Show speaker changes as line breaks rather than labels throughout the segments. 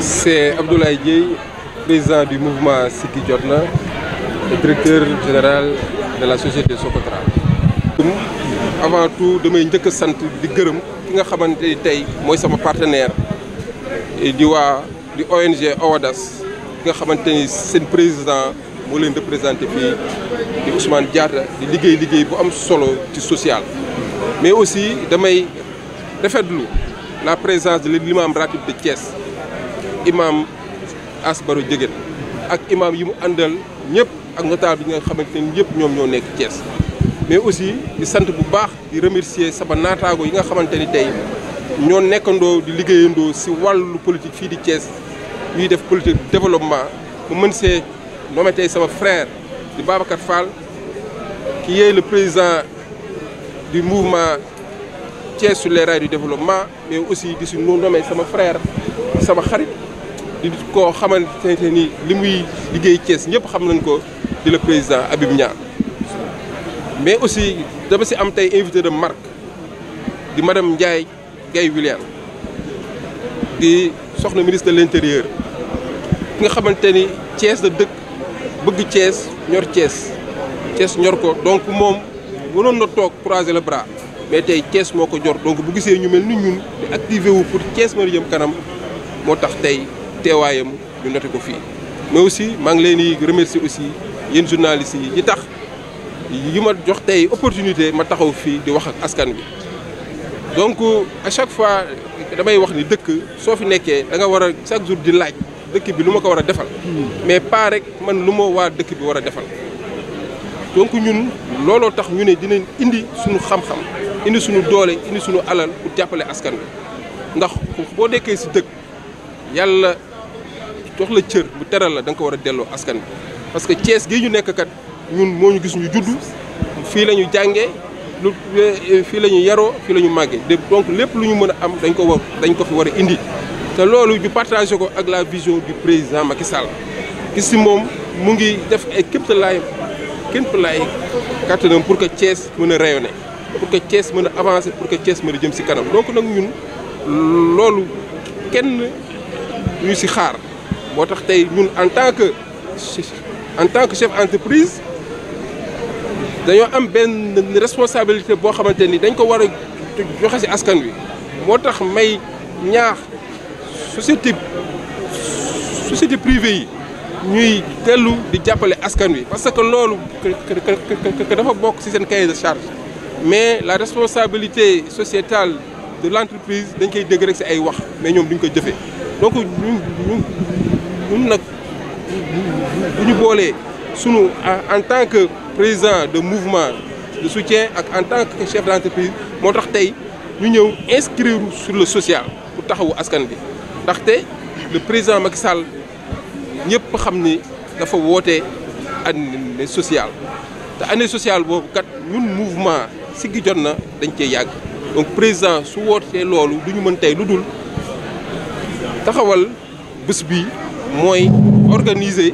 C'est
Abdoulaye Dieye, président du mouvement Siggi Jotna et directeur général de la société Socotra. avant tout damay njëkk a sant di gërëm ki nga xamante tey mooy sama partenaire di waa di ONG OWADAS ki nga xamante ni seen président moo leen représenté fii di Ousmane Diatta di liggéey liggéey bu am solo ci social mais aussi damay rafetlu la présence de l'imam ratib de Thiès imam Asbaru Jégén ak imam yi mu àndal ñëpp ak notaal bi nga xamante ne ñëpp ñoom ñoo nekk Thiès mais aussi di sant bu baax di remercier sama naataago yi nga xamante ni tey ñoo nekkandoo di liggéeyandoo si wàllu politique fii di cees ñuy def politique de développement mu mën see nommé tey sama frère di Babacar Fall qui est le président di mouvement Thiès sur les développement mais aussi di suñu nommé sama frère sama xarit di ko xamante ni li muy liggéey Thiès ñëpp xam nañ ko di le président Habib Niang mais aussi dama si am tey invité de marque di madame Ndiaye gay Williane di soxna ministre de l'intérieur ki nga xamante ni Thiès la dëkk bëgg Thiès ñor Thiès Thiès ñor ko donc moom mënoon na toog croiser le bras mais tey Thiès moo ko jor donc bu gisee ñu mel ni ñun di activé wu pour Thiès mën a kanam moo tax tey teewaayam ñu noté ko fii. mais aussi maa ngi leen di remercier aussi yéen journalistes yi yi tax yi ma jox tey opportunité ma taxaw fii di wax ak askan bi donc à chaque fois damay wax ni dëkk soo fi nekkee da nga war a chaque jour di laaj dëkk bi lu ma ko war a defal. Hmm. mais pas rek man lu ma waa dëkk bi war a defal. donc ñun looloo tax ñu ne dinañ indi suñu xam-xam indi suñu doole indi suñu alal bu jàppale askan bi ndax boo nekkee si dëkk yàlla jox la cër bu teral la da ko war a delloo askan bi parce que cees gi ñu nekk kat ñun moo ñu gis ñu juddu fii la ñu jàngee lu eh, fii la ñu yaroo fii la ñu màggee donc lépp lu ñu mën a am dañ ko war dañ ko fi war a indi te loolu ñu partagé ko ak la vision du président Macky Sall gis si moom mu ngi def ay képp képp laay kàttanam pour que cees mën a rayonner pour que Thiès mën a avancer pour que Thiès mën a jëm ci kanam donc nag ñun loolu kenn ñu ci xaar moo tax tey ñun en tant que en tant que chef entreprise dañoo am benn responsabilité boo xamante ni dañ ko war a joxe ci askan wi moo tax may ñaax société société privée yi ñuy dellu di jàppale askan wi parce que loolu dafa bokk ci seen cahier de charge mais la responsabilité sociétale de l'entreprise dañ koy dégg rek ci ay wax mais ñoom duñ ko jëfee donc ñun ñun ñun nag bu ñu boolee sunu en tant que président de mouvement de soutien ak en tant que chef d'entreprise moo tax tey ñu ñëw inscrire sur le social bu taxawu askan bi ndaxte le président Macky Sall ñëpp xam ni dafa woote année sociale te année sociale boobu kat ñun mouvement Siggi jot na dañ cee yàgg donc président su wootee loolu du ñu mën tey lu dul taxawal bés bi mooy organiser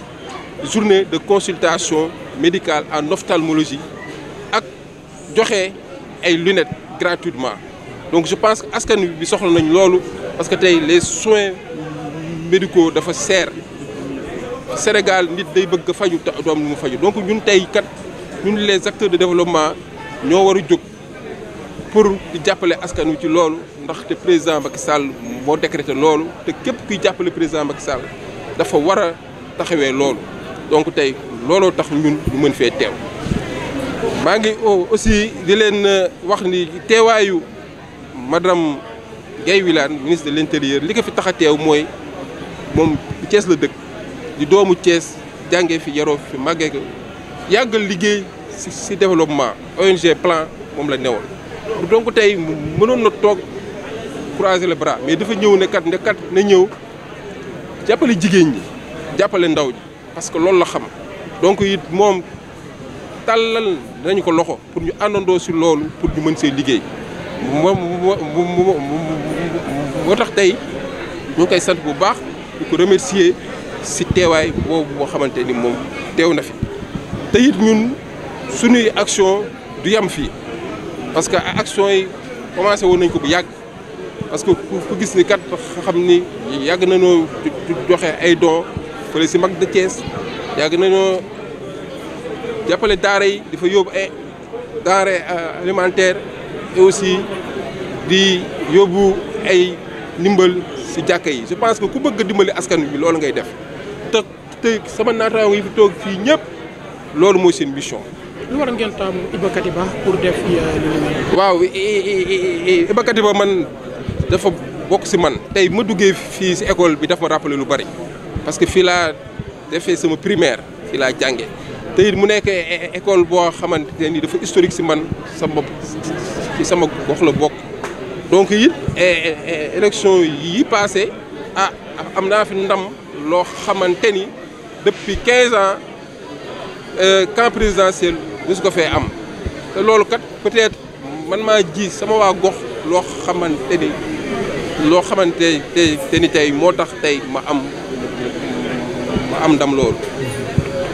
journée de consultation médicale en ophtalmologie ak joxe ay lunettes gratuitement donc je pense que askan bi soxla nañ loolu parce que tey les soins médicaux dafa seer Sénégal nit day bëgg faju doom lu mu faju donc ñun tey kat ñun les acteurs de développement ñoo war a jóg pour di jàppale askan wi ci loolu ndaxte président Macky Sall moo décrété loolu te képp kuy jàppale président Macky Sall dafa wara taxawee loolu donc tey looloo tax ñun ñu mën fee teew maa ngi aussi di leen euh, wax ni teewaayu madame Gaye Wilane ministre de l'intérieur li ko fi tax a teew mooy moom cees la dëkk di doomu Thiès jànge fi yaroo fi màggee yàggal liggéey si si développement ONG plan moom la newoon. donc tey mënoon na toog croiser les bras mais dafa ñëw ne kat ne na ñëw jàppale jigéen ñi jàppale ndaw ñi parce que loolu la xam donc it moom tàllal nañu ko loxo pour ñu àndandoo si loolu pour ñu mën see liggéey. moom moo tax tey ñu koy sant bu baax di ko remercier. si teewaay boobu boo xamante ni moom teew na fi te it ñun suñuy action du yem fii parce que action yi commencé woon nañ ko bu yàgg parce que ku gis ni kat xam ni yàgg nañoo joxe ay don fële si mag de yàgg nañoo jàppale daara yi dafa yóbbu ay denrée euh, alimentaire et aussi di yóbbu ay ndimbal si jàkka yi je pense que ku bëgg a dimbali askan wi loolu ngay def tey sama naataango yi fi toog fii ñëpp loolu mooy seen mission.
lu war ngeen taamu Iba Katiba pour def euh,
waaw Iba Katiba man dafa bokk si man. tey ma duggee fii si école bi daf ma lu bari parce que fii laa defee sama primaire fii laa jànge te mu nekk e, e, école boo xamante nii dafa historique si man sa bopp sama gox la bokk donc it e, élection yi passé ah, am naa fi ndam loo xamante ni. depuis 15 an euh, camp présidentiel musu ko fee am te loolu kat peut-être man maa ji sama waa gox loo xamante ni loo xamante te ni tey moo tax tey ma am ma am ndam loolu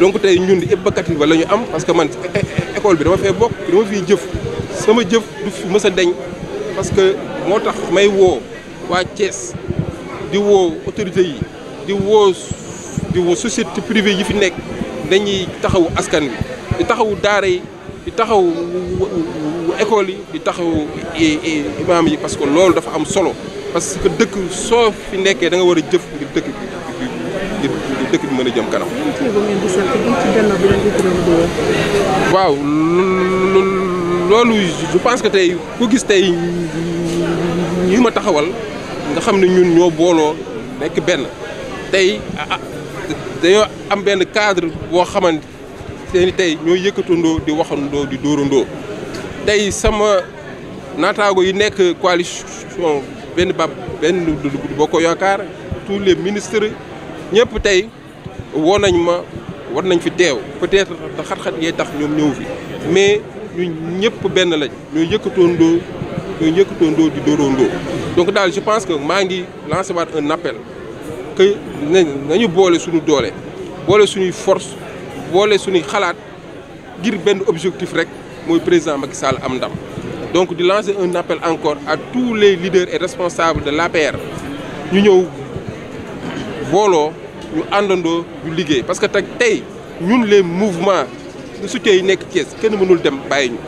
donc tey ñun ëppkat yi ba la ñu am parce que man école bi dama fee bokk dama fiy jëf sama jëf du fi mës deñ parce que moo tax may woo waa Thiès di woo autorité yi di woo di woo société privée yi fi nekk dañuy taxawu askan bi di taxawu daara yi di taxawu école yi di taxawu imaam yi parce que loolu dafa am solo parce que dëkk soo fi nekkee da nga war a jëf ngir dëkk bi mën a jëm kanam. waaw loolu je pense que tey ku gis tey ñi ma taxawal nga xam ne ñun ñoo booloo nekk benn tey ah, ah, dañoo am benn cadre boo xamante ni tey ñoo yëkkatandoo di waxandoo di dóorandoo tey sama naataago yi nekk coalition benn bab benn du boo ko yaakaar tous les ministres ñëpp tey woo nañ ma war nañ fi teew peut-être xat-xat yee tax ñoom ñëw fi mais ñu ñëpp benn lañ ñoo yëkkatandoo ñoo yëkkatandoo di dóorandoo donc daal je pense que maa ngi lancer a un appel que nañu boole suñu doole boole suñuy force boole suñuy xalaat ngir benn objectif rek mooy président Macky Sall am ndam donc di lancer un appel encore à tous les leaders et responsables de l'APR ñu ñëw booloo ñu àndandoo ñu liggéey parce que teg tey ñun les mouvement de soutien nekk Thiès kenn mënul dem bàyyi ñu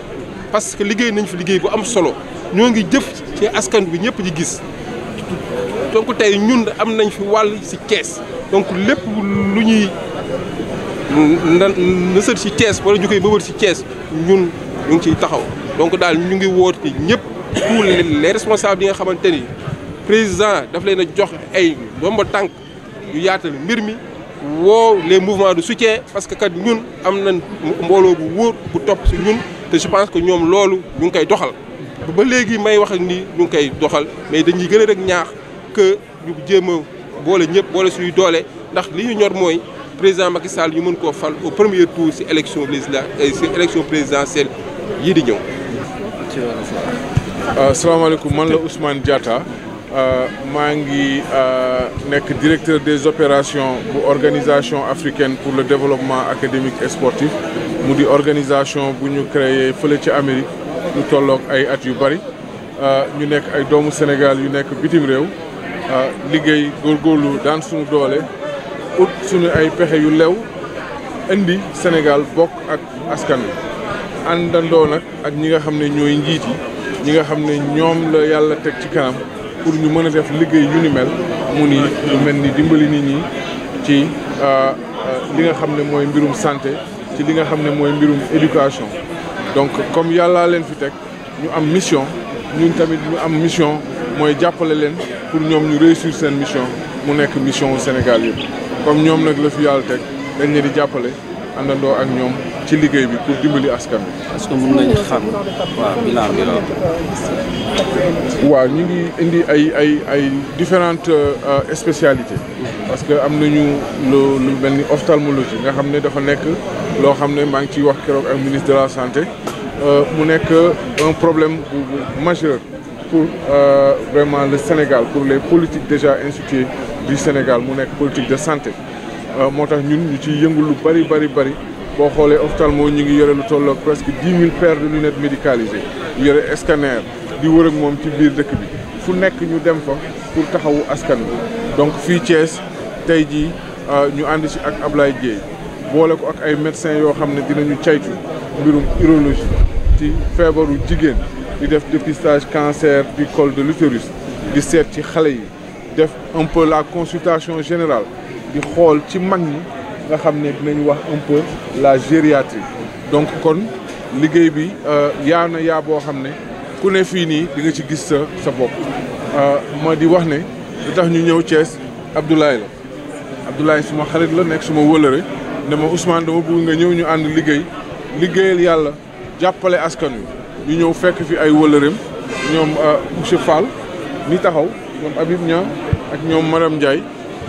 parce que liggéey nañ fi liggéey bu am solo ñoo ngi jëf ci askan bi ñëpp di gis donc tey ñun am nañ fi wàll si Thiès donc lépp lu ñuy nësër ci Thiès wala ñu koy bëbër si Thiès ñun ñu ngi ciy taxaw donc daal ñu ngi woote ñëpp pour les responsables yi nga xamante ni président daf leen a jox ay ndomba tànk yu yaatal mbir mi woo les mouvements de soutien parce que kat ñun am na mbooloo bu wóor bu topp si ñun te je pense que ñoom loolu ñu ngi koy doxal ba léegi may wax ak ni ñu ngi koy doxal mais dañuy gën a rek ñaax que ñu jéem a boole ñëpp boole suñuy doole ndax li ñu ñor mooy président Macky Sall ñu mën koo fal au premier tour ci élection législative euh, ci élection présidentielle yii di ñëw.
asalaamaaleykum euh, man la Ousmane Diatta euh, maa ngi nekk directeur des opérations bu organisation africaine pour le développement académique et sportif mu di organisation bu ñu créer fële ci Amérique lu tollook ay at yu bari ñu nekk ay doomu Sénégal yu nekk bitim réew. liggéey góor góorlu daan suñu doole ut suñu ay pexe yu lew indi Sénégal bokk ak askan wi àndandoo nag ak ñi nga xam ne ñooy njiit ñi nga xam ne ñoom la yàlla teg ci kanam pour ñu mën a def liggéey yu ni mel mu ni lu mel ni dimbali nii nii ci li nga xam ne mooy mbirum santé ci li nga xam ne mooy mbirum éducation donc comme yàllaa leen fi teg ñu am mission ñun tamit ñu am mission mooy jàppale leen pour ñoom ñu réussir seen mission mu nekk mission Sénégal yëpp comme ñoom nag la fi yàlla teg dañ leen di jàppale àndandoo ak ñoom ci liggéey bi pour dimbali askan bi est que mën nañu xam waaw bilan bi ñu ngi indi ay ay ay différentes euh, spécialités parce que am nañu lu lu mel ni ophtalmologie nga xam ne dafa nekk loo xam ne maa ngi ciy wax keroog ak ministre de la santé euh, mu nekk un problème bu majeur pour euh, vraiment le Sénégal pour les politiques déjà instituées du Sénégal mu nekk politique de santé euh, moo tax ñun ñu ciy yëngu lu bari bari bari boo xoolee ophtalmo ñu ngi yore lu tolloo presque dix mille paires de lunettes médicalisées yore scanner di wër moom ci biir dëkk bi fu nekk ñu dem fa pour taxawu askan bi donc fii Thiès tey jii euh, ñu ànd ci ak Ablaye Dieye boole ko ak ay médecins yoo xam ne dinañu caytu mbirum urologie ci feebaru jigéen di def dépistage cancer du col de l'utérus di seet ci xale yi def un la consultation général di xool ci mag ñi nga xam ne dinañ wax un la gériatrie donc kon liggéey bi euh, yaa na yaa boo xam ne ku ne fii nii di nga ci gis sa sa bopp euh, ma di wax ne li tax ñu ñëw Thiès Abdoulaye la Abdoulaye suma xarit la nekk suma wëlëre dama Ousmane dama bëgg nga ñëw ñu ànd liggéey liggéeyal yàlla jàppale askan wi ñu ñëw fekk fi ay wëlëreem ñoom euh, monsieur Fall mi taxaw ñoom Habib Niang ak ñoom madame Ndiaye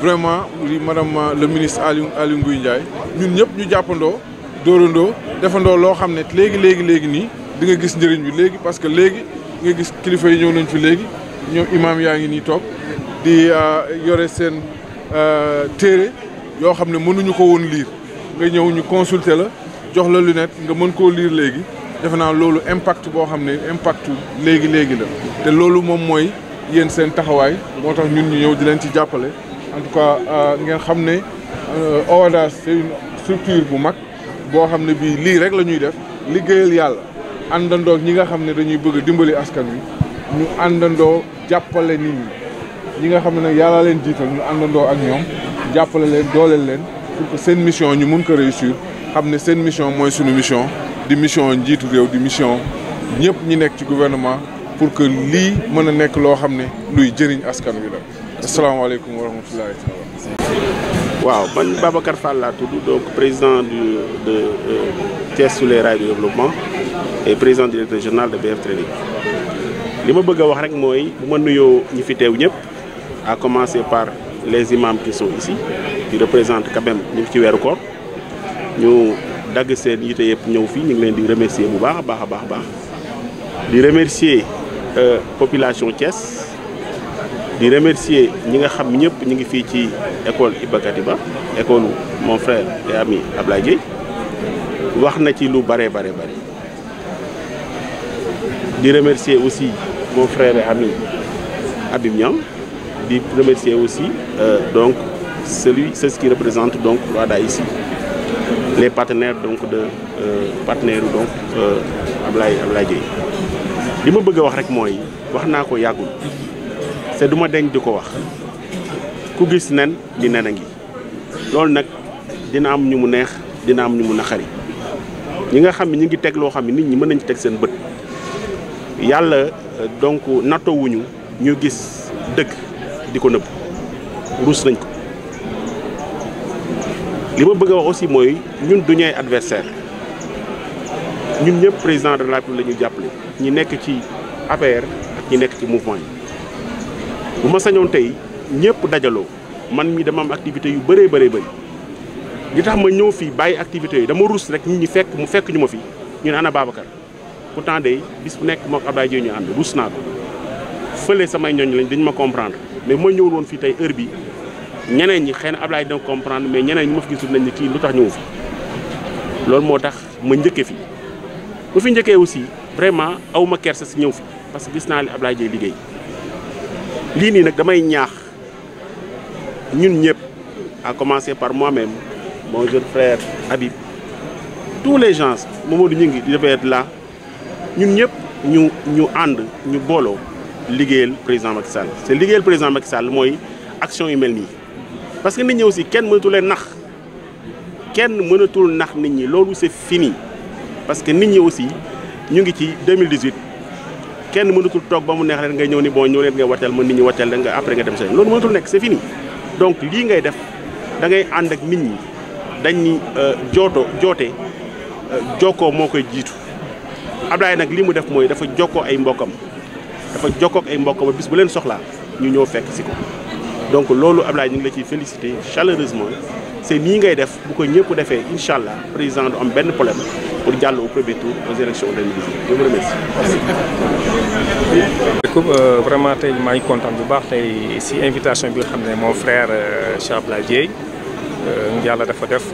vraiment li madame euh, le ministre Aliou Aliou Nguy Ndiaye ñun ñëpp ñu jàppandoo dóorandoo defandoo loo xam ne léegi léegi léegi nii di nga gis njëriñ bi léegi parce que léegi nga gis kilifa yi ñëw nañ fi léegi ñoom imaam yaa ngi nii toog di euh, yore seen téere yoo xam ne mënuñu ko woon liir nga ñëw ñu consulter la jox la lunette nga mën koo liir léegi. defe naa loolu impact boo xam ne impact léegi léegi la te loolu moom mooy yéen seen taxawaay moo tax ñun ñu ñëw di leen ci jàppale en tout cas euh, ngeen xam ne euh, OHADA c'est structure bu mag boo xam ne bii lii rek la ñuy def liggéeyal yàlla àndandoo ñi nga xam ne dañuy bëgg dimbali askan wi ñu àndandoo jàppale nit ñi ñi nga xam ne nag yàlla leen jiital ñu àndandoo ak ñoom jàppale leen dooleel leen seen mission ñu mun ko réussir xam ne seen mission mooy sunu mission di mission njiitu réew di mission ñëpp ñi nekk ci gouvernement pour que lii mën a nekk loo
xam ne luy jëriñ askan wi la asalaamaaleykum wa rahmatulahi taala waaw man Babacar Fall laa président du de euh, Thiès sous les rails du développement et président directeur général de BF Trading li ma bëgg a wax rek mooy bu ma nuyoo ñi fi teew ñëpp à commencer par les imams qui sont ici qui représentent quand ñu ngi ci weeru koor ñu dagg seen yite yëpp ñëw fii ñu ngi leen di remercier bu baax a baax a baax baax di remercier euh, population ces di remercier ñi nga xam ñëpp ñu ngi fii ci école Iba ba école mon frère et ami Ablaye Dieye wax na ci lu bare bare bare di remercier aussi mon frère et ami Habib Niang di remercier aussi euh, donc celui c'est ce qui représente donc l'OADA ici les partenaires donc de euh, partenaire donc euh, Ablaye Ablaye Dieye li ma bëgg a wax rek mooy wax naa ko yàggul te du ma deñ di ko wax ku gis nen di nen a ngi loolu nag dina am ñu mu neex dina am ñu mu naqari ñi nga xam ne ñu ngi teg loo xam ne nit ñi mën nañ teg seen bët yàlla euh, donc nattowuñu ñu gis dëgg di ko nëbb ruus nañ ko li ma bëgg a wax aussi mooy ñun du ñu ñun ñëpp président de la République la ñu jàppale ñi nekk ci APR ak ñi nekk ci mouvement yi bu ma sañoon tey ñëpp dajaloo man mi dama am activité yu bëree bëree bëri li tax ma ñëw fii bàyyi activités yi dama rus rek ñu ñi fekk mu fekk ñu ma fi ñu ne ana Babacar pourtant day bis bu nekk moo ko Abdoulaye ñu ànd rus naa ko fële samay ñooñ lañ dañ ma comprendre mais ma ñëwul woon fii tey heure bi ñeneen ñi xëy na Ablaye dina comprendre mais ñeneen ñi ma fi gisul nañ ne kii lu tax ñëw fi loolu moo tax ma njëkkee fi bu fi njëkkee aussi vraiment aw ma kersa si ñëw fi parce que gis naa li Ablaye Dieye liggéey lii nii nag damay ñaax ñun ñëpp a commencer par moi-même moo jeune frère Habib tous les gens Mamadou ñu ngi devait être là ñun ñëpp ñu ñu ànd ñu booloo liggéeyal président Macky Sall te liggéeyal président Macky Sall mooy action yu mel nii. parce que nit ñi aussi kenn mënatu leen nax kenn mënatul nax nit ñi loolu c'est fini parce que nit ñi aussi ñu ngi ci 2018 kenn mënatul toog ba mu neex leen ngay ñëw ni bon ñëw leen ngay wateel ma nit ñi wateel leen nga après nga dem sa loolu mënatul nekk c'est fini donc lii ngay def da ngay ànd ak nit ñi dañ ni euh, jooto joote euh, jokkoo moo koy jiitu Ablaye nag li mu def mooy dafa jokkoo ay mbokkam dafa jokkoo ak ay mbokkam bis bu leen soxlaa ñu ñëw fekk si ko donc loolu Ablaye ñu ngi la ciy félicité chaleureusement c' est ngay def bu ko ñëpp defee incha allah président du am benn problème pour jàll au premier tour
aux élections 2019 je vous remercie. Euh, vraiment tey maa ngi kontaan bu baax tey si invitation bi nga xam ne mon frère euh, Cheikh Ablaye Dieye euh, yàlla dafa def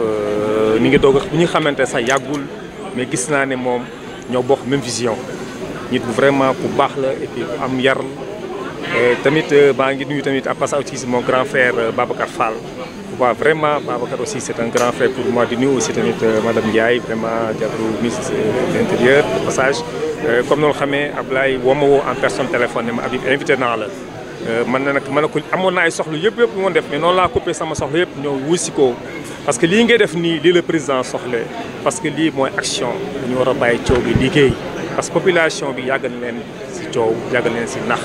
ni ngi doog bu ñu xamante sax yàggul mais gis naa ne moom ñoo bokk même vision nit bu vraiment bu baax la et puis am yar. Euh, tamit euh, maa ngi nuyu tamit à passage aussi mon grand frère euh, Babacar Fall. waaw vraiment Babacar aussi c' est un grand frère pour moi di nuyu aussi tamit madame Ndiaye vraiment jabaru ministre de l' intérieur de passage. comme noonu xamee Ablaye woo ma woo en personne téléphone ne ma Habib invité naa la. man na nag man na ko amoon na ay soxla yëpp yëpp moon def mais noonu laa coupé sama soxla yëpp ñëw wusi ko parce que lii ngay def nii lii la président soxla parce que lii mooy action ñu war a bàyyi coow bi liggéey parce que population bi yàgg na si nax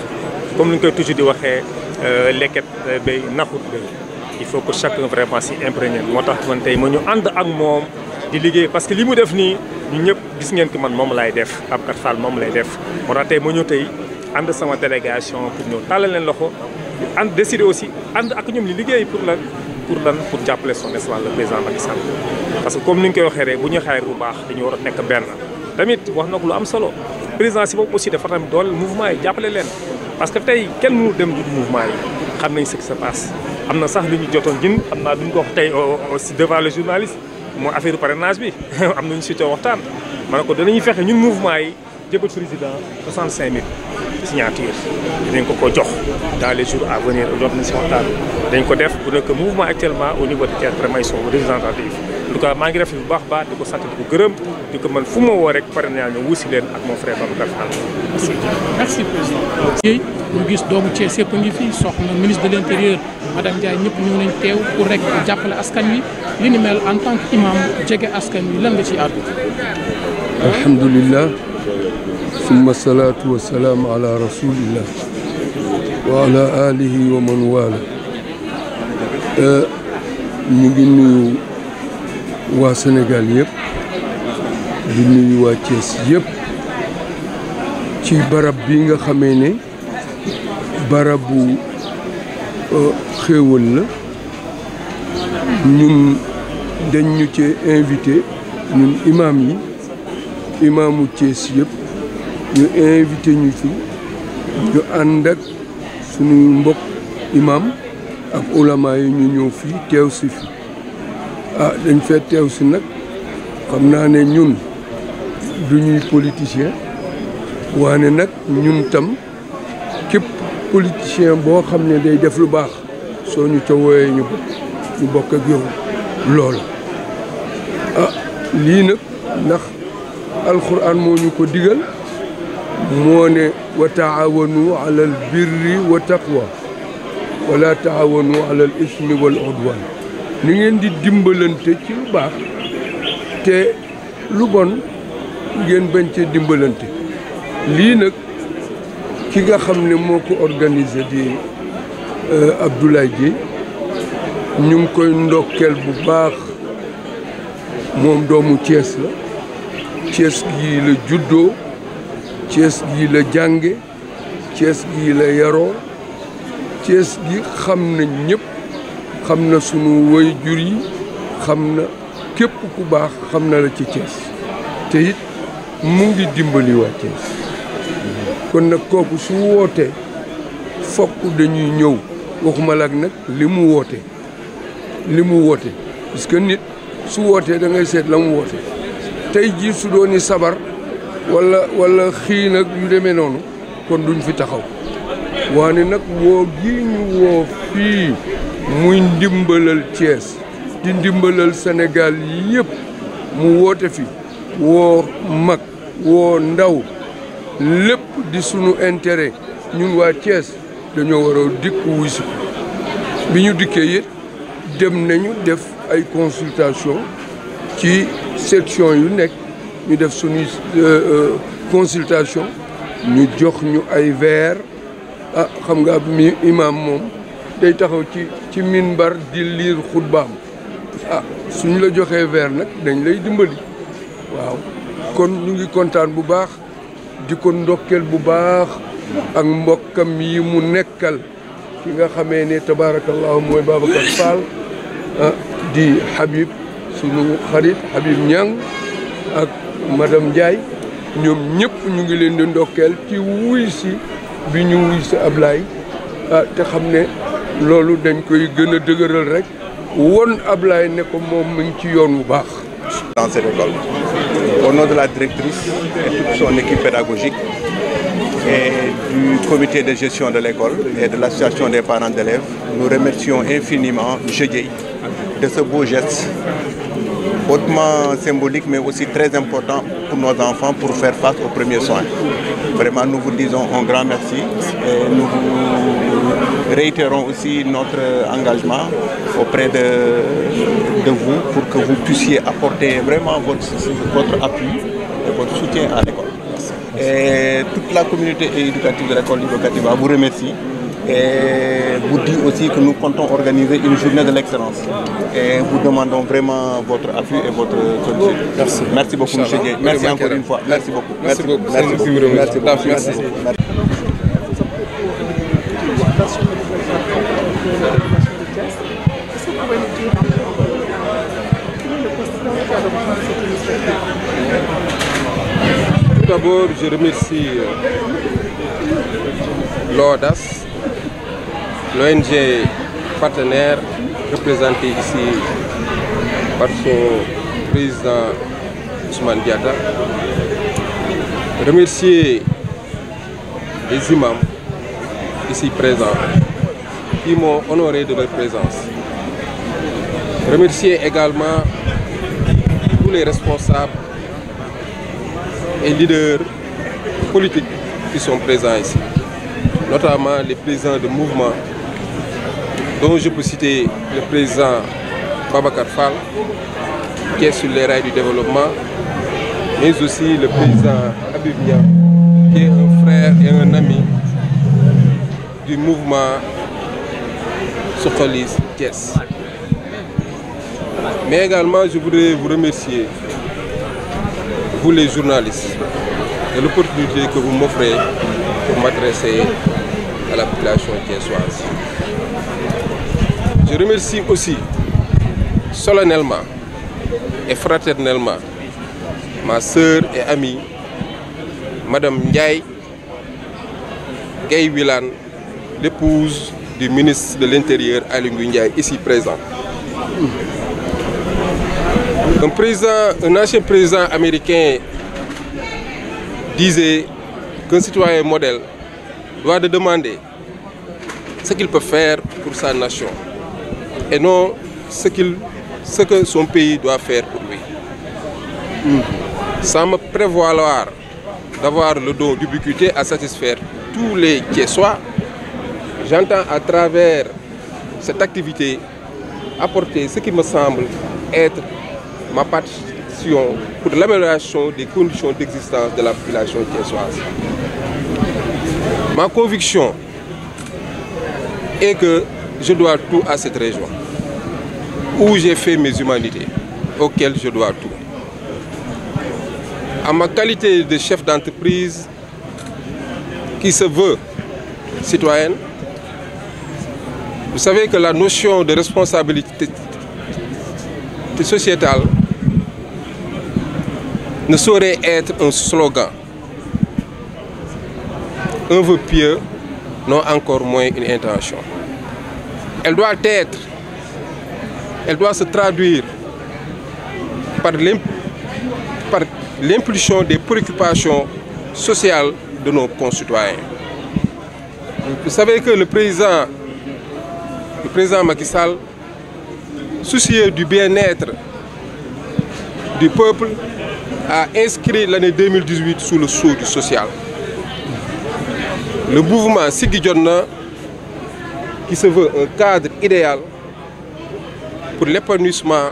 comme ni ñu koy toujours di waxee euh, leket euh, bay naxut bay il faut que chacun vraiment s'y imprégner moo tax man tey ma ñu ànd ak moom di liggéey parce que li mu def nii ñu ñëpp gis ngeen ko man moom laay def Ababacar Fall moom lay def moo tax tey ma ñu tey ànd sama délégation pour ñëw tàllal leen loxo ànd décider aussi ànd ak ñoom li liggéey pour lan pour lan pour jàppale son excellence le président Macky parce que comme ni ñu koy waxee rek bu ñu xaar bu baax dañu war a nekk tamit wax na ko lu am solo président si aussi dafa tamit dool mouvement yi leen parce que tey kenn mënu dem du mouvement yi xam nañ ce qui se passe am na sax lu ñu jotoon jën xam naa duñ ko wax tey aussi devant les journalistes mooy affaire parrainage bi am nañu si coow waxtaan. ma ne ko ñu fexe ñun mouvement yi jëbal président 65000 signature dinañ ko ko jox dans les jours à venir jot nañ si waxtaan dañ ko def bu nekk mouvement actuellement au niveau de terre vraiment ils sont en maa ngi rafet bu baax baax di ko sant di fu ma woo rek leen ak mon frère Babacar gis
doomu Thiès yëpp ngi fi soxna ministre de l' madame Ndiaye ñëpp ñëw nañ teew pour rek jàppale askan wi li ni mel en tant que imam jege askan wi lan nga ciy àddu.
alhamdulilah. summa euh, ngi nuyu. waa Sénégal yëpp di nuyu waa Thiès yëpp ci barab bi nga xamee ne barabu euh, xéewal la ñun dañ ci invité ñun imaam yi imaamu Thiès yëpp ñu invité ñu ci ñu ànd ak suñu mbokk imaam ak ulama yi ñu ñëw fii teew si fi ah dañ fee teew si nag xam naa ne ñun du ñuy politicien waane nag ñun tam képp politicien boo xam ne day def lu baax soo ñu ca wooyee ñu ñu bokk ak yow loolu ah lii nag ndax alxuraan moo ñu ko digal moo ne wa taawanu ala al birri wa taqwa ni ngeen di dimbalante ci lu baax te lu bon ngeen bañ ci dimbalante lii nag ki nga xam ne moo ko organisé di euh, Abdoulaye Dièye ñu ngi koy ndokkeel bu baax moom doomu Thiès la Thiès gii la juddoo Thiès gii la jànge Thiès gi la yaroo Thiès gi xam na ñépp xam na sunu woy jur yi xam na képp ku baax xam na la ci Thiès te mu ngi dimbali waa Thiès kon nag kooku su wootee fokk dañuy ñëw waxuma la ak nag li mu woote li mu woote parce que nit su wootee da ngay seet la mu woote tey jii su doon sabar walla walla xii nag yu demee noonu kon duñ fi taxaw waane nag woo gi ñu fii muy ndimbalal Thiès di ndimbalal Sénégal yëpp mu woote fi woo mag woo ndaw lépp di suñu intérêt ñun waa Thiès dañoo war a dikk wuy si bi ñu dikkee it dem nañu def ay consultation ci section yu nekk ñu def suñuy euh, euh, consultation ñu jox ñu ay verre ah xam nga imaam moom day taxaw ci ci minbar di liir xutbaam ah suñu la joxee verre nag dañ lay dimbali waaw kon ñu ngi kontaan bu baax di ko ndokkeel bu baax ak mbokkam yi mu nekkal ki nga xamee ne tabaarakallaahu mooy Babacar Fall ah, di Habib suñu xarit Habib Niang ak madame njaay ñoom ñépp ñu ngi leen di ndokkeel ci wuy si bi ñu wuy si Ablaye ah, te xam ne loolu dañ koy gën a dëgëral rek won Ablaye ne ko moom mu ci yoon bu baax. dans cette école au nom de la directrice
et toute son équipe pédagogique et du comité de gestion de l'école et de l'association des parents d'élèves nous remercions infiniment Dieye de ce beau geste hautement symbolique mais aussi très important pour nos enfants pour faire face aux premiers soins vraiment nous vous disons un grand merci et nous vous réitérons aussi notre engagement auprès de,
de vous pour que vous puissiez apporter vraiment votre, votre appui et votre soutien à l'école. toute la communauté éducative de l'école Livocativa vous remercie et vous dit aussi que nous comptons organiser une journée de l'excellence. Et vous
demandons vraiment votre appui et votre soutien. Merci. beaucoup, Merci beaucoup. Merci beaucoup.
d'abord, je remercie euh, l'ODAS, l'ONG partenaire représenté ici par son président Ousmane Diatta. Remercier les imams ici présents qui m'ont honoré de leur présence. Remercier également tous les responsables et leaders politiques qui sont présents ici, notamment les présidents de mouvement dont je peux citer le président Babacar Fall, qui sur les rails du développement, mais aussi le président Habib Niang, un frère et un ami du mouvement Sokholis Thiès. Mais également, je voudrais vous remercier vous les journalistes, de l'opportunité que vous m'offrez pour m'adresser à la population thiessoise. Je remercie aussi solennellement et fraternellement ma sœur et ami Madame Ndiaye Gaye Wilane, l'épouse du ministre de l'Intérieur Aly Ngouille Ndiaye, ici présent. Un président, un ancien président américain disait qu'un citoyen modèle doit de demander ce qu'il peut faire pour sa nation et non ce, que son pays doit faire pour lui. Mmh. Sans me prévaloir d'avoir le don d'ubiquité à satisfaire tous les soient j'entends à travers cette activité apporter ce qui me semble être ma partition pour l'amélioration des conditions d'existence de la population thiessoise. Ma conviction est que je dois tout à cette région, où j'ai fait mes humanités, auxquelles je dois tout. À ma qualité de chef d'entreprise qui se veut citoyenne, vous savez que la notion de responsabilité sociétale ne saurait être un slogan, un vœu pieux, non encore moins une intention. Elle doit être, elle doit se traduire par l'impulsion des préoccupations sociales de nos concitoyens. Vous savez que le président, le président Macky Sall, soucieux du bien-être du peuple, a inscrit l'année 2018 sous le sceau du social. Le mouvement Siggi Jotna qui se veut un cadre idéal pour l'épanouissement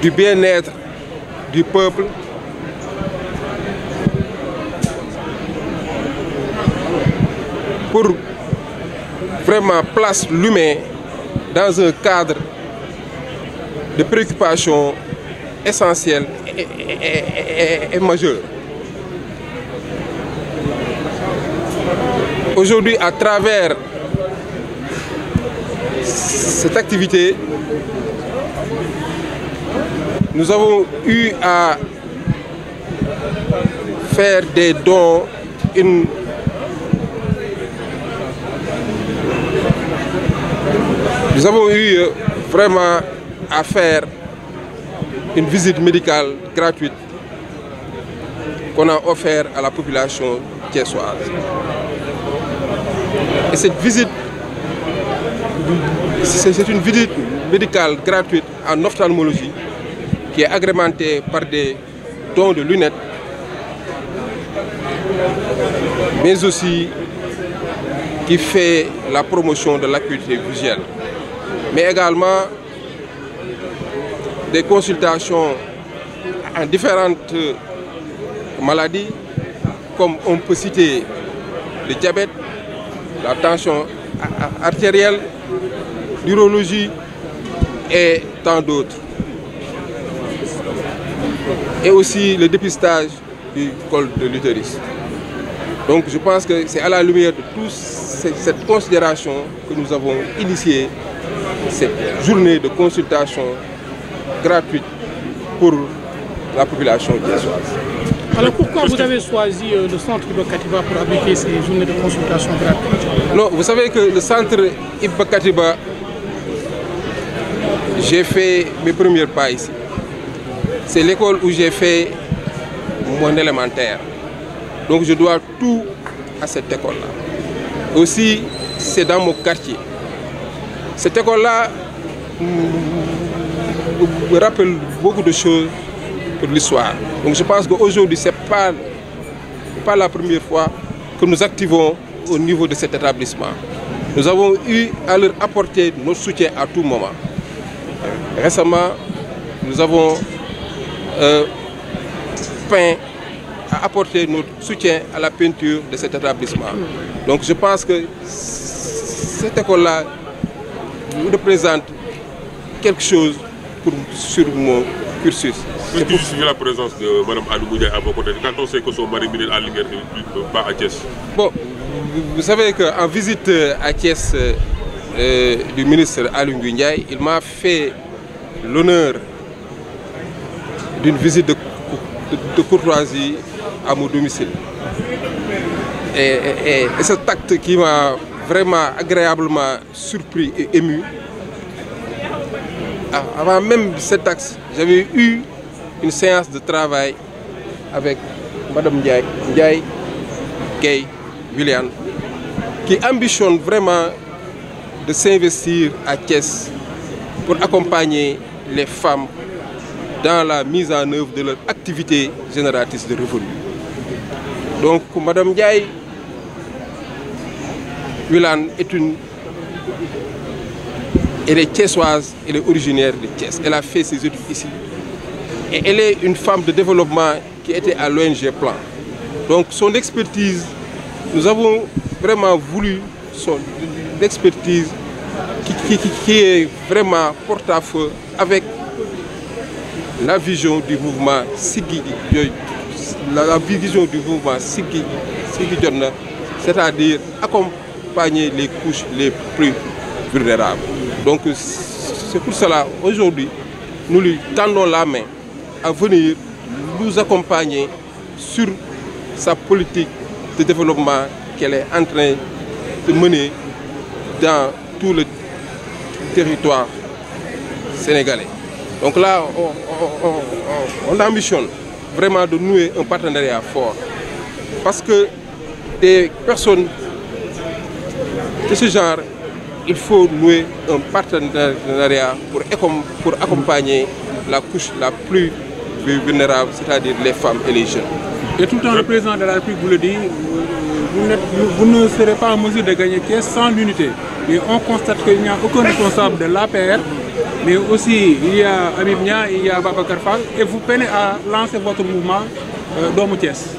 du bien-être du peuple pour vraiment place l'humain dans un cadre de préoccupation essentiel et, et, et, majeur. Aujourd'hui, à travers cette activité, nous avons eu à faire des dons, une nous avons eu euh, vraiment à faire une visite médicale gratuite qu'on a offerte à la population thiessoise. Et cette visite, c'est une visite médicale gratuite en ophtalmologie qui est agrémentée par des dons de lunettes, mais aussi qui fait la promotion de l'acuité visuelle. Mais également des consultations en différentes maladies, comme on de citer le diabète, la tension artérielle, l'urologie et tant d'autres. Et aussi le dépistage du col de l'utérus. Donc je pense que c'est à la lumière de toute cette considération que nous avons initié cette journée de consultation gratuite pour la population thiessoise.
Alors pourquoi vous euh, centre Iba pour appliquer ces journées de consultation gratuites
Non, vous savez que le centre Iba Katiba, j'ai fait mes premiers pas ici. C'est l'école où j'ai fait mon élémentaire. Donc je dois tout à cette école-là. Aussi, c'est dans mon quartier. Cette école-là rappelle beaucoup de choses pour l'histoire. Donc je pense qu'aujourd'hui, ce n'est pas, pas la première fois que nous activons au niveau de cet établissement. Nous avons eu à apporter notre soutien à tout moment. Récemment, nous avons euh, peint à apporter notre soutien à la peinture de cet établissement. Donc je pense que cette école-là nous représente quelque chose pour sur mon cursus. C'est pour justifier la présence de Mme Alou à vos côtés quand on que son mari milite euh, euh, ministre Alou Ndiaye, il m'a fait l'honneur d'une visite de, de, de, courtoisie à mon domicile. Et, cet acte qui m'a vraiment agréablement surpris et ému, Ah, avant même cet axe, j'avais eu une séance de travail avec Madame Ndiaye, Ndiaye Gay William, qui ambitionne vraiment de s'investir à Thiès pour accompagner les femmes dans la mise en œuvre de leur activité génératrice de revenus. Donc Madame Ndiaye Wilane est Elle est thiessoise, elle est originaire de Thiès. Elle a fait ses études ici. Et elle est une femme de développement qui était à l'ONG Plan. Donc son expertise, nous avons vraiment voulu son expertise qui, est vraiment porte avec la vision du mouvement Siggi la vision du mouvement Siggi Jotna, c'est-à-dire accompagner les couches les plus vulnérables. Donc c'est pour cela, aujourd'hui, nous lui tendons la main à venir nous accompagner sur sa politique de développement qu'elle est en train de mener dans tout le territoire sénégalais. Donc là,
on,
on, vraiment de nouer un partenariat fort. Parce que des personnes de ce genre il faut nouer un partenariat pour, pour accompagner la couche la plus vulnérable, c'est-à-dire les femmes et les jeunes. Et tout le temps, le président de la République vous le dit, vous, ne serez pas en mesure de gagner pièce sans l'unité. Et on constate qu'il n'y a aucun responsable de l'APR, mais aussi il y a Baba Karfal, et vous peinez à lancer votre mouvement euh, d'Omoutiès.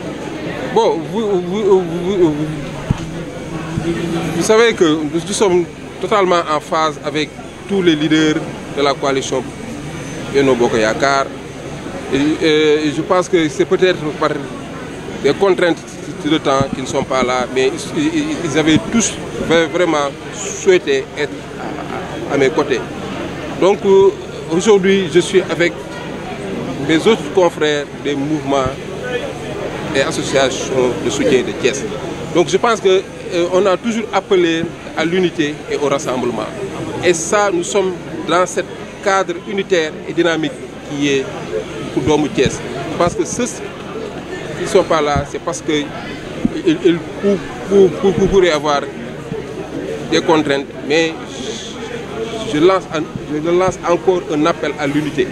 Bon, vous, savez que nous sommes totalement en phase avec tous les leaders de la coalition Beno Bokoyakar. Et, et je pense que c'est peut-être par des contraintes de temps qui ne sont pas là, mais ils, avaient tous vraiment souhaité être à, mes côtés. Donc euh, aujourd'hui, je suis avec mes autres confrères des mouvements et associations de soutien de Thiès. Donc je pense qu'on euh, a toujours appelé à l'unité et au rassemblement. Et ça, nous sommes dans ce cadre unitaire et dynamique qui est pour Domou Thiès. Parce que ceux qui ne c'est parce qu'ils ils, pourraient avoir des contraintes. Mais je lance, je lance encore un appel à l'unité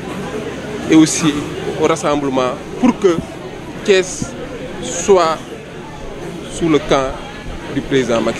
et aussi au rassemblement pour que Thiès soit sous le camp du président Macky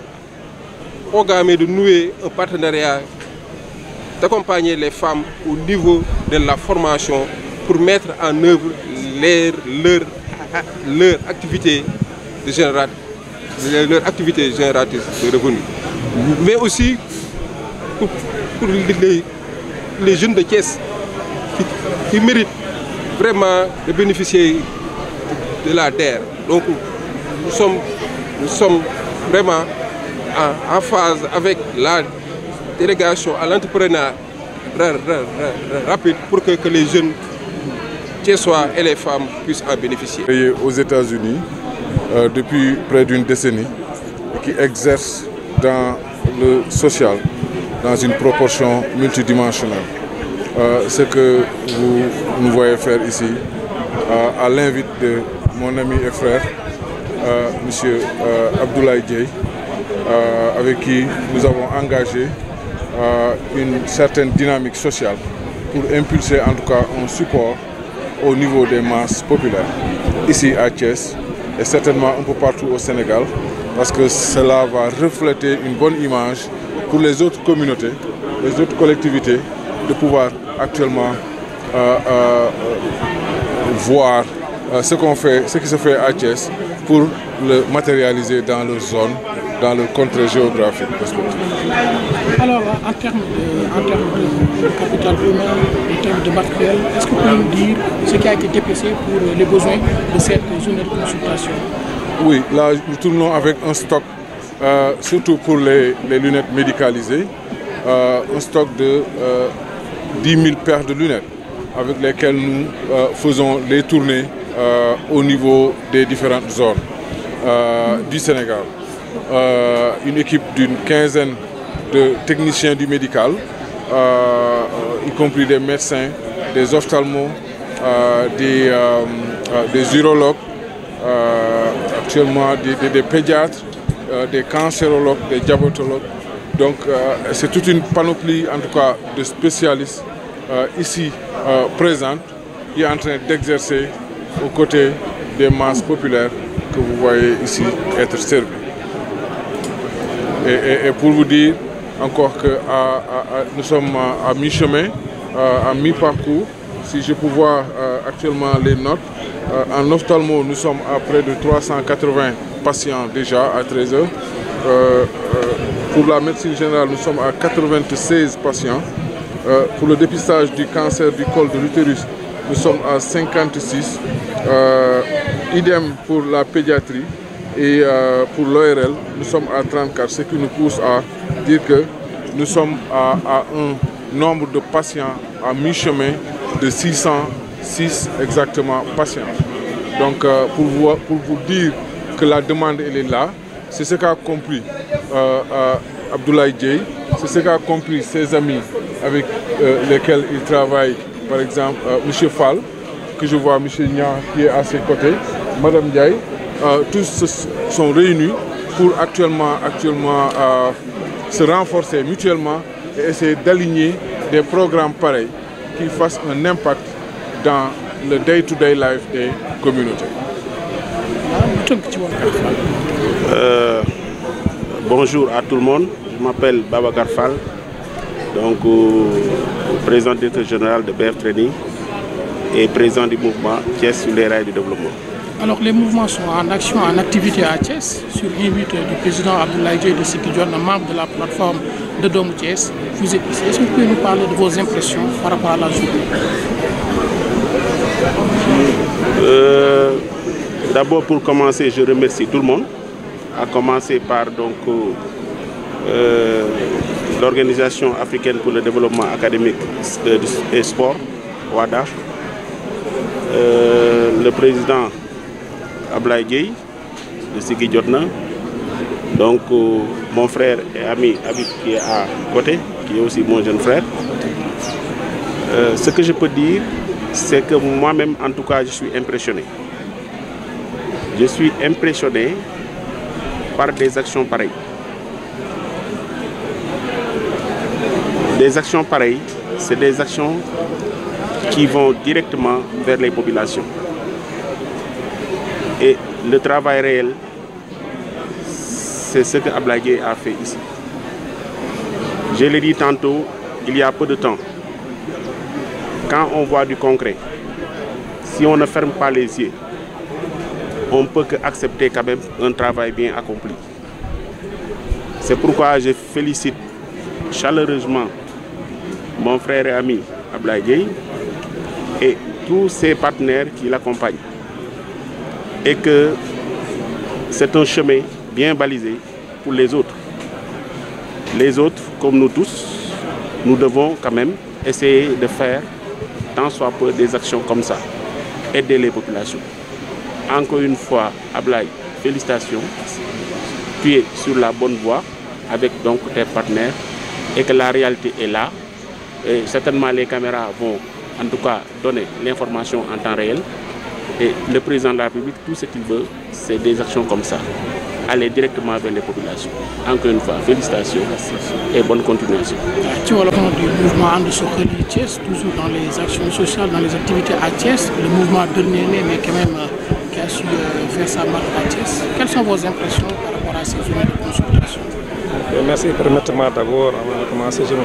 programmé de nouer un partenariat, d'accompagner les femmes au niveau de la formation pour mettre en œuvre leur, leur, leur activité de génératrice leur activité génératrice de revenus. Mais aussi pour, pour les, jeunes de caisse qui, qui, vraiment de bénéficier de la terre. Donc nous sommes, vraiment en, en phase avec la délégation à l'entrepreneuriat rapide pour que, les jeunes soi et les femmes puissent en bénéficier. Aux États-Unis,
euh, depuis près d'une décennie, qui exerce dans le social dans une proportion multidimensionnelle. Euh, ce que vous nous voyez faire ici, euh, à l'invite de mon ami et frère, euh, M. Abdoulaye Dieye, Euh, avec qui nous avons engagé euh, une certaine dynamique sociale pour impulser en tout cas un support au niveau des masses populaires, ici à et certainement un peu partout au Sénégal, parce que cela va refléter une bonne image pour les autres communautés, les autres collectivités, de pouvoir actuellement euh, euh, voir euh, ce qui se fait à pour le matérialiser dans le zone dans le contre géographique
en termes de, capital humain, en termes de matériel, est-ce que nous dire ce qui a été dépensé pour les besoins de cette zone de consultation
Oui, nous tournons avec un stock, euh, surtout pour les, les lunettes médicalisées, euh, un stock de euh, 10 000 paires de lunettes avec lesquelles nous euh, faisons les tournées euh, au niveau des différentes zones du Sénégal. euh, une équipe d'une quinzaine de techniciens du médical, euh, y compris des médecins, des ophtalmos, euh, des, euh, euh, des urologues, actuellement des, des, des pédiatres, des cancérologues, des diabétologues. Donc c'est toute une panoplie en tout cas de spécialistes ici présentes qui est en train d'exercer aux côtés des masses populaires que vous voyez ici être servies. Et, et, et, pour vous dire que à, à, à, nous sommes mi-chemin, je peux euh, actuellement les notes, euh, en ophtalmo, nous sommes à près de 380 patients déjà à 13 heures. Euh, euh, pour la médecine générale, nous sommes à 96 patients. Euh, pour le dépistage du cancer du col de l'utérus, nous sommes à 56. Euh, pour la pédiatrie. Et euh, pour l'ORL, nous sommes à 34, ce qui à dire que nous à, à de patients à mi-chemin de 606 exactement patients. Donc euh, pour, pour vous dire la demande elle est là, c'est ce qu'a compris euh, euh Abdoulaye Dieye, c'est ce qu'a compris ses amis avec euh, lesquels il travaille, par exemple M. Fall, je vois M. Nian qui à ses côtés. Madame Ndiaye, euh, tous sont réunis pour actuellement, actuellement euh, se renforcer mutuellement et essayer d'aligner des programmes pareils qui fassent un impact dans le day-to-day
-day life des communautés. Euh, bonjour à tout le monde, je m'appelle Baba Garfal, donc euh, président directeur général de BF Training et président du mouvement qui est les rails du développement.
Alors les mouvements sont en action, activité à Thiès, sur l'invite du président Abdoulaye Dièye de Siggi Dione, membre plateforme de Doomu Thiès. Vous êtes ici. est de vos impressions par rapport à la journée?
Euh, d'abord pour commencer, je remercie tout le monde, à commencer par donc euh, euh l'Organisation africaine pour le développement académique et sport, WADA. Euh, le président Ablaye Gueye le sigi jot na donc euh, mon frère et ami Habib qui à côté qui est aussi mon jeune frère euh, ce que je peux dire c'est que moi-même en tout cas je suis impressionné je suis impressionné par des actions pareilles des actions pareilles c'est des actions qui vont directement vers les populations Et le travail réel, c'est ce que Ablaye a fait ici. Je l'ai dit tantôt, il y a peu de temps, quand on voit du concret, si on ne ferme pas les yeux, on peut qu'accepter quand même un travail bien accompli. C'est pourquoi je félicite chaleureusement mon frère et ami Ablaye et tous ses partenaires qui l'accompagnent. et que c'est un chemin bien balisé pour les autres. Les autres, comme nous tous, nous devons quand même essayer de faire tant soit peu des actions comme ça, aider les populations. Encore une fois, Ablaï, félicitations. Tu es sur la bonne voie avec donc tes partenaires et que la réalité est là. Et certainement les caméras vont en tout cas donner l'information en temps réel. Et le président de la République, tout ce qu'il veut, c'est des actions comme ça. Aller directement vers les populations. Encore une fois, félicitations et bonne continuation.
Tu vois, le du mouvement Andisokoli Thiès, toujours dans les actions sociales, dans les activités à Thiès, le mouvement dernier né, mais quand même euh, qui a su euh, faire sa marque à Quelles sont vos impressions par rapport à ces journées de consultation
merci de permettez-moi d'abord, avant de commencer, je me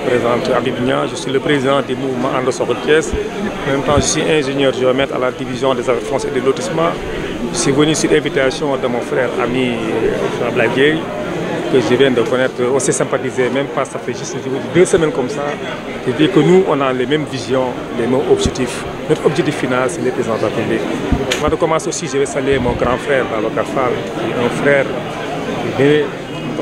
je suis le président du mouvement Ando Soxla Thiès. En même temps, je suis ingénieur géomètre à la division des affaires foncières et de lotissement. Je suis venu sur l'invitation de mon frère ami Jean euh, Gueye, que je viens de connaître. On s'est deux semaines comme ça. Et bien que nous, on a les mêmes visions, les mêmes objectifs. Notre objectif final, c'est les présents public. de commencer aussi, je vais saluer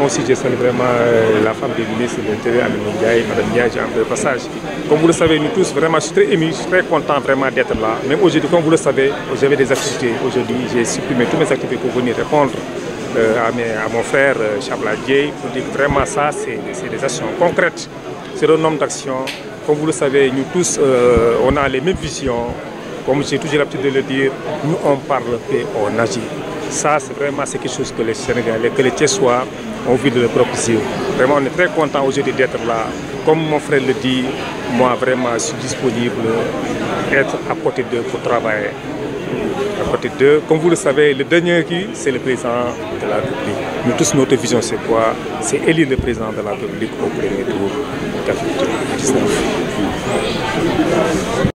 Ainsi, je salue vraiment euh, la femme du ministre de l'Intérieur, Mme Ndiaye, Mme Ndiaye, de passage. Comme vous le savez, nous tous, vraiment, je suis très ému, je suis très content vraiment d'être là. Même aujourd'hui, comme vous le savez, des activités. Aujourd'hui, j'ai supprimé toutes mes activités pour venir répondre euh, à, mon frère euh, Chabladier pour dire concrètes. Comme vous le savez, nous tous, euh, on a les mêmes visions. Comme j'ai toujours l'habitude de le dire, nous, on parle et on agit. Ça, c'est vraiment quelque chose que les Sénégalais, que les Tchessois ont vu de leur propre Comme mon frère le dit, moi, vraiment, je suis disponible d'être à d'eux pour travailler. À côté d'eux, comme vous le savez, le dernier qui, c'est le président de la République. notre vision, c'est quoi C'est élire le président de la République au premier tour de 2019.